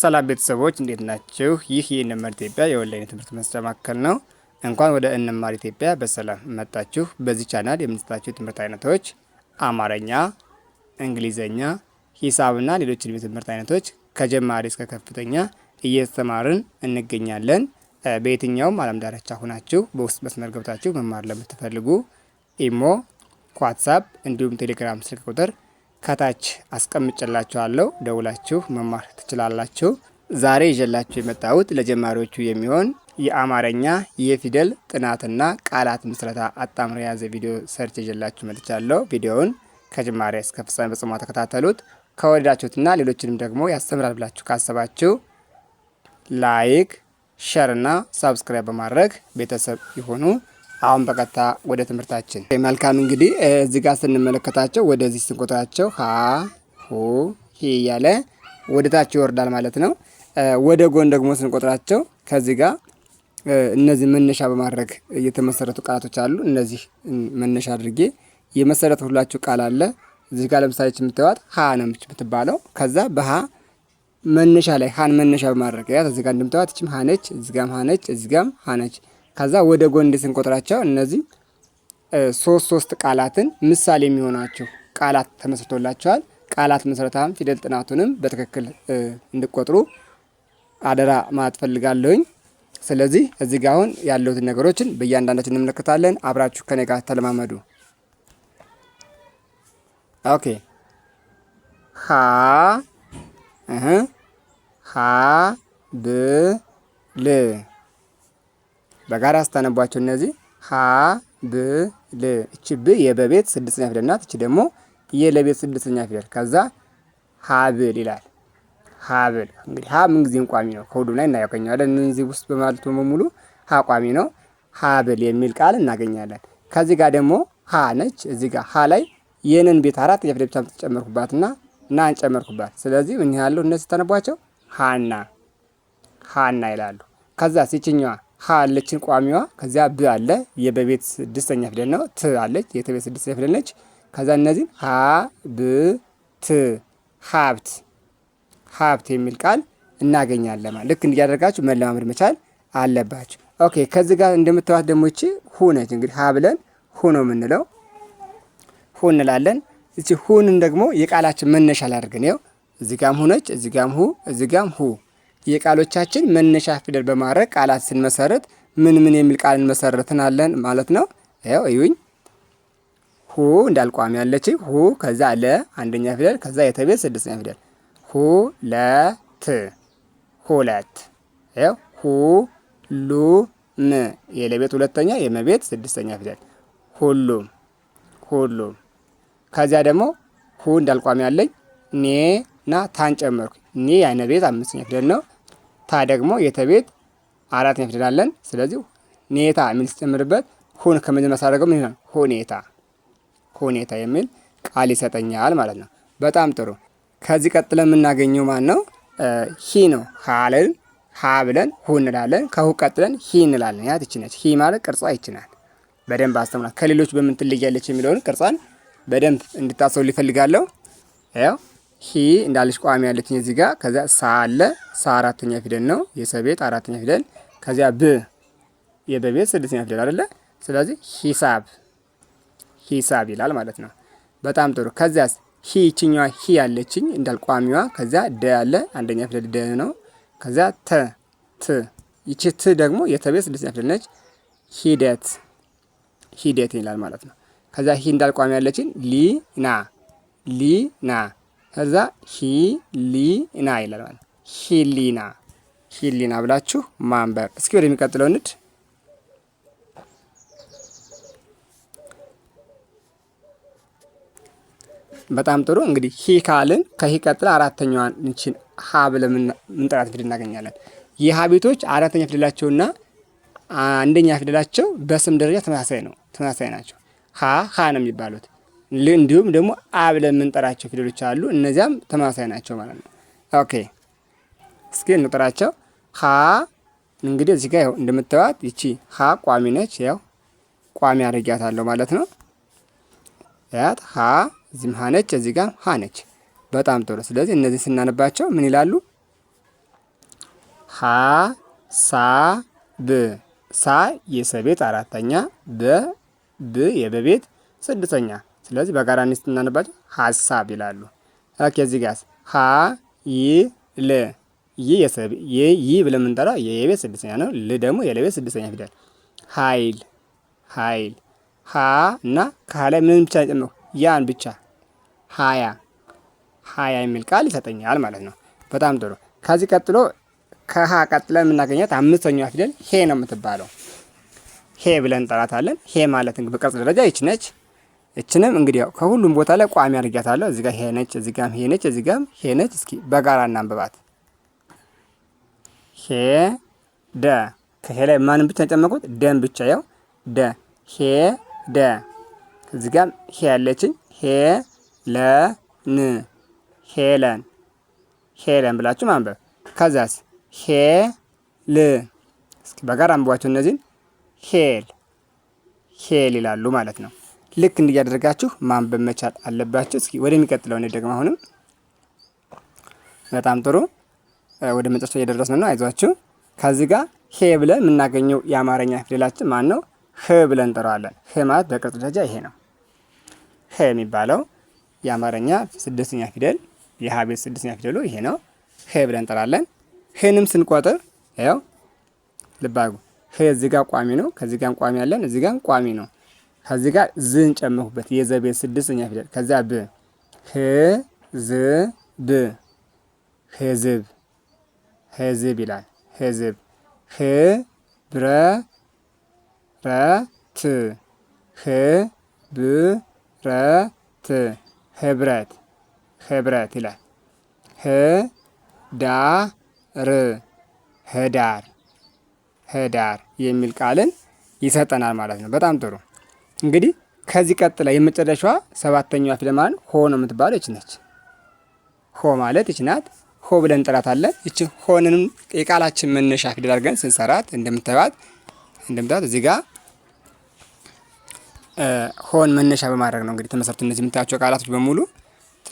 ሰላም ቤተሰቦች እንዴት ናችሁ? ይህ የእንማር ኢትዮጵያ የኦንላይን ትምህርት መስጫ ማዕከል ነው። እንኳን ወደ እንማር ኢትዮጵያ በሰላም መጣችሁ። በዚህ ቻናል የምንሰጣችሁ ትምህርት አይነቶች አማርኛ፣ እንግሊዘኛ፣ ሂሳብና ሌሎችን የትምህርት አይነቶች ከጀማሪ እስከ ከፍተኛ እየተማርን እንገኛለን። በየትኛውም ዓለም ዳርቻ ሁናችሁ በውስጥ መስመር ገብታችሁ መማር ለምትፈልጉ ኢሞ፣ ዋትሳፕ እንዲሁም ቴሌግራም ስልክ ቁጥር ከታች አስቀምጭላችኋለሁ። ደውላችሁ መማር ትችላላችሁ። ዛሬ ይዤላችሁ የመጣሁት ለጀማሪዎቹ የሚሆን የአማርኛ የፊደል ጥናትና ቃላት ምስረታ አጣምሮ የያዘ ቪዲዮ ሰርች ይዤላችሁ መጥቻለሁ። ቪዲዮውን ከጅማሬ እስከ ፍጻሜ ተከታተሉት። ከወደዳችሁትና ሌሎችንም ደግሞ ያስተምራል ብላችሁ ካሰባችሁ ላይክ፣ ሸርና ሳብስክራይብ በማድረግ ቤተሰብ ይሁኑ። አሁን በቀጥታ ወደ ትምህርታችን መልካም። እንግዲህ እዚህ ጋር ስንመለከታቸው ወደዚህ ስንቆጥራቸው ሀ ሁ ሂ እያለ ወደ ታች ይወርዳል ማለት ነው። ወደ ጎን ደግሞ ስንቆጥራቸው ከዚህ ጋር እነዚህ መነሻ በማድረግ የተመሰረቱ ቃላቶች አሉ። እነዚህ መነሻ አድርጌ የመሰረት ሁላችሁ ቃል አለ እዚህ ጋር ለምሳሌ የምትዋት ሀ ነው የምትባለው። ከዛ በሀ መነሻ ላይ ሀን መነሻ በማድረግ ያት እዚህ ጋር እንደምትዋት እችም ሀ እዚህ ጋም እዚህ ጋም ከዛ ወደ ጎን ስንቆጥራቸው እነዚህ ሶስት ሶስት ቃላትን ምሳሌ የሚሆናቸው ቃላት ተመስርቶላቸዋል። ቃላት መሰረታም ፊደል ጥናቱንም በትክክል እንድቆጥሩ አደራ ማለት ፈልጋለሁኝ። ስለዚህ እዚህ ጋ አሁን ያለሁትን ነገሮችን በእያንዳንዳችን እንመለከታለን። አብራችሁ ከኔ ጋር ተለማመዱ። ኦኬ ሀ ሀ ብ በጋራ አስታነቧቸው። እነዚህ ሀ ብ ል። እቺ ብ የበቤት ስድስተኛ ፊደል ናት። እቺ ደግሞ የለቤት ስድስተኛ ፊደል። ከዛ ሀብል ይላል። ሀብል እንግዲህ ሀ ምንጊዜም ቋሚ ነው። ከሁሉም ላይ እናያገኘዋለን። እነዚህ ውስጥ በማለቱ በሙሉ ሀ ቋሚ ነው። ሀብል የሚል ቃል እናገኛለን። ከዚህ ጋር ደግሞ ሀ ነች። እዚህ ጋር ሀ ላይ ይህንን ቤት አራት የፊደል ብቻ ጨመርኩባትና ናን እንጨመርኩባት። ስለዚህ ምን ያለው እነዚህ ተነቧቸው ሀና ሀና ይላሉ። ከዛ ሲችኛዋ ሀ አለችን ቋሚዋ። ከዚያ ብ አለ የበቤት ስድስተኛ ፊደል ነው። ት አለች የተቤት ስድስተኛ ፊደል ነች። ከዛ እነዚህ ሀ ብ ት ሀብት ሀብት የሚል ቃል እናገኛለን። ልክ እንዲያደርጋችሁ መለማመድ መቻል አለባችሁ። ኦኬ ከዚህ ጋር እንደምታዩት ደግሞ ይቺ ሁ ነች። እንግዲህ ሀ ብለን ሁ ነው የምንለው፣ ሁ እንላለን። እቺ ሁንን ደግሞ የቃላችን መነሻ ላደርግን ው እዚጋም ሁ ነች፣ እዚህ ጋም ሁ፣ እዚጋም ሁ እዚጋም ሁ የቃሎቻችን መነሻ ፊደል በማድረግ ቃላት ስንመሰርት ምን ምን የሚል ቃል እንመሰርትናለን ማለት ነው። ያው እዩኝ። ሁ እንዳል ቋሚ ያለች ሁ፣ ከዛ ለ አንደኛ ፊደል፣ ከዛ የተቤት ስድስተኛ ፊደል። ሁ ለት ሁለት። ሁ ሉ ም የለቤት ሁለተኛ፣ የመቤት ስድስተኛ ፊደል። ሁሉም ሁሉም። ከዚያ ደግሞ ሁ እንዳል ቋሚ ያለኝ ኔ ና ታን ጨመርኩ። ኔ ያነቤት ቤት አምስተኛ ፊደል ነው። ታ ደግሞ የተቤት አራተኛ ፊደል አለን። ስለዚህ ኔታ የሚል ስጨምርበት ሁን ከመጀመሪያ ሳደርገው ምን ይሆናል? ሁኔታ ሁኔታ የሚል ቃል ይሰጠኛል ማለት ነው። በጣም ጥሩ። ከዚህ ቀጥለ የምናገኘው ማን ነው? ሂ ነው። ሀልን ሀ ብለን ሁ እንላለን። ከሁ ቀጥለን ሂ እንላለን። ያት ይችነች። ሂ ማለት ቅርጿ ይችናል። በደንብ አስተምራ ከሌሎች በምን ትለያለች የሚለውን ቅርጿን በደንብ እንድታሰው ሊፈልጋለሁ ያው ሂ እንዳለች ቋሚ ያለችኝ እዚህ ጋር። ከዚያ ሳ አለ። ሳ አራተኛ ፊደል ነው የሰቤት አራተኛ ፊደል። ከዚያ ብ የበቤት ስድስተኛ ፊደል አይደለ? ስለዚህ ሂሳብ ሂሳብ ይላል ማለት ነው። በጣም ጥሩ። ከዚያ ሂ ይችኛዋ ሂ ያለችኝ እንዳል ቋሚዋ። ከዚያ ደ ያለ አንደኛ ፊደል ደ ነው። ከዚያ ተ ት ይቺ ት ደግሞ የተቤት ስድስተኛ ፊደል ነች። ሂደት ሂደት ይላል ማለት ነው። ከዚያ ሂ እንዳል ቋሚ ያለችን ሊና ሊና ከዛ ሂሊና ይላል ማለት ሂሊና ሂሊና ብላችሁ ማንበብ። እስኪ የሚቀጥለው ንድ በጣም ጥሩ እንግዲህ ሂ ካልን ከሂ ቀጥለ አራተኛዋን እንችን ሀ ብለን ምንጠራት ፊደል እናገኛለን። የሀ አራተኛ ፊደላቸውና አንደኛ ፊደላቸው በስም ደረጃ ተመሳሳይ ነው ተመሳሳይ ናቸው። ሀ ሀ ነው የሚባሉት። እንዲሁም ደግሞ አብ የምንጠራቸው ፊደሎች አሉ። እነዚያም ተማሳይ ናቸው ማለት ነው። ኦኬ እስኪ እንጠራቸው። ሀ እንግዲህ እዚህ ጋር እንደምታዩት ይቺ ሀ ቋሚ ነች። ያው ቋሚ አድርጊያታለሁ ማለት ነው። ያት ሀ እዚህም ሀ ነች፣ እዚህ ጋር ሀ ነች። በጣም ጥሩ። ስለዚህ እነዚህ ስናነባቸው ምን ይላሉ? ሀ ሳ ብ ሳ የሰቤት አራተኛ፣ በ ብ የበቤት ስድስተኛ ስለዚህ በጋራ እንስት እናነባቸው ሀሳብ ይላሉ። ኦኬ እዚህ ጋር ሀ ይ ል ይ የሰብ ይ ይ ብለን የምንጠራው የቤት ስድስተኛ ነው። ል ደግሞ የለቤት ስድስተኛ ፊደል ኃይል ኃይል ሀ እና ከላይ ምንም ብቻ ጨምሮ ያን ብቻ ሀያ ሀያ የሚል ቃል ይሰጠኛል ማለት ነው። በጣም ጥሩ። ከዚህ ቀጥሎ ከሀ ቀጥለ የምናገኛት አምስተኛ ፊደል ሄ ነው የምትባለው። ሄ ብለን እንጠራታለን። ሄ ማለት እንግዲህ በቅርጽ ደረጃ ይች ነች። እችንም እንግዲህ ያው ከሁሉም ቦታ ላይ ቋሚ አድርጊያታለሁ። እዚህ ጋር ሄነች፣ እዚህ ጋም ሄነች፣ እዚህ ጋም ሄነች። እስኪ በጋራ እናንብባት። ሄ ደ ከሄ ላይ ማንም ብቻ የጨመቁት ደን ብቻ ያው ደ ሄ ደ እዚህ ጋር ሄ ያለችኝ ሄ ለ ን ሄለን ሄለን ብላችሁ ማንበብ። ከዛስ ሄ ል እስኪ በጋራ አንብቧቸው እነዚህን ሄል ሄል ይላሉ ማለት ነው። ልክ እንዲያደርጋችሁ ማንበብ መቻል አለባችሁ። እስኪ ወደሚቀጥለው ደግሞ አሁንም በጣም ጥሩ ወደ መጨረሻ እየደረስን ነው። አይዟችሁ። ከዚህ ጋር ሄ ብለን የምናገኘው የአማርኛ ፊደላችን ማን ነው? ህ ብለን እንጠራዋለን። ህ ማለት በቅርጽ ደረጃ ይሄ ነው። ህ የሚባለው የአማርኛ ስድስተኛ ፊደል የሀ ቤት ስድስተኛ ፊደሉ ይሄ ነው። ህ ብለን እንጠራለን። ህንም ስንቆጥር ያው ልባጉ ህ እዚህ ጋር ቋሚ ነው። ከዚህ ጋር ቋሚ ያለን፣ እዚህ ጋር ቋሚ ነው። ከዚህ ጋር ዝን ጨመርኩበት የዘቤት ስድስተኛ ፊደል። ከዚያ ብ ህ ዝ ብ ህዝብ ህዝብ ይላል። ህዝብ ህ ብረ ረ ት ህ ብ ረ ት ህብረት ህብረት ይላል። ህ ዳ ር ህዳር ህዳር የሚል ቃልን ይሰጠናል ማለት ነው። በጣም ጥሩ እንግዲህ ከዚህ ቀጥላ የመጨረሻዋ ሰባተኛዋ ፊደል ሆ ነው የምትባለው ይች ነች። ሆ ማለት ይች ናት። ሆ ብለን እንጠራታለን። ይች ሆንንም የቃላችን መነሻ ፊደል አድርገን ስንሰራት እንደምታዩት እንደምታዩት እዚህ ጋር ሆን መነሻ በማድረግ ነው እንግዲህ ተመሰርቱ እነዚህ የምታያቸው ቃላቶች በሙሉ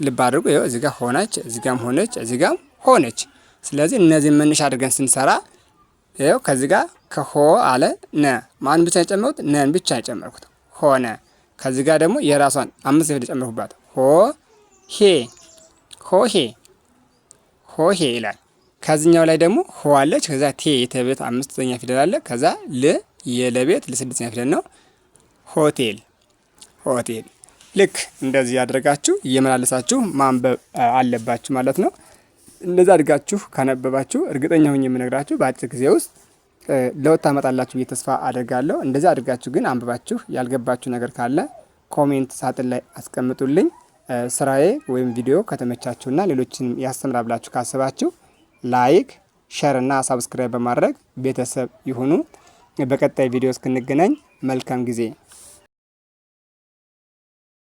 ልብ አድርጉ። ይኸው እዚህ ጋር ሆነች፣ እዚህ ጋም ሆነች፣ እዚህ ጋም ሆነች። ስለዚህ እነዚህን መነሻ አድርገን ስንሰራ ይኸው ከዚህ ጋር ከሆ አለ ነ ማን ብቻ የጨመርኩት ነን ብቻ የጨመርኩት ሆነ። ከዚህ ጋር ደግሞ የራሷን አምስት ፊደል ጨምርኩባት። ሆ ሄ ሆ ሄ ሆ ሄ ይላል። ከዚኛው ላይ ደግሞ ሆ አለች። ከዛ ቴ የተቤት አምስተኛ ፊደል አለ። ከዛ ል የለቤት ለስድስተኛ ፊደል ነው። ሆቴል ሆቴል። ልክ እንደዚህ ያደረጋችሁ እየመላለሳችሁ ማንበብ አለባችሁ ማለት ነው። እንደዛ አድርጋችሁ ካነበባችሁ እርግጠኛ ሁኝ የምነግራችሁ በአጭር ጊዜ ውስጥ ለውጥ ታመጣላችሁ ብዬ ተስፋ አድርጋለሁ። እንደዚህ አድርጋችሁ ግን አንብባችሁ ያልገባችሁ ነገር ካለ ኮሜንት ሳጥን ላይ አስቀምጡልኝ። ስራዬ ወይም ቪዲዮ ከተመቻችሁና ሌሎችንም ያስተምራ ብላችሁ ካስባችሁ ላይክ፣ ሸር እና ሳብስክራይብ በማድረግ ቤተሰብ ይሁኑ። በቀጣይ ቪዲዮ እስክንገናኝ መልካም ጊዜ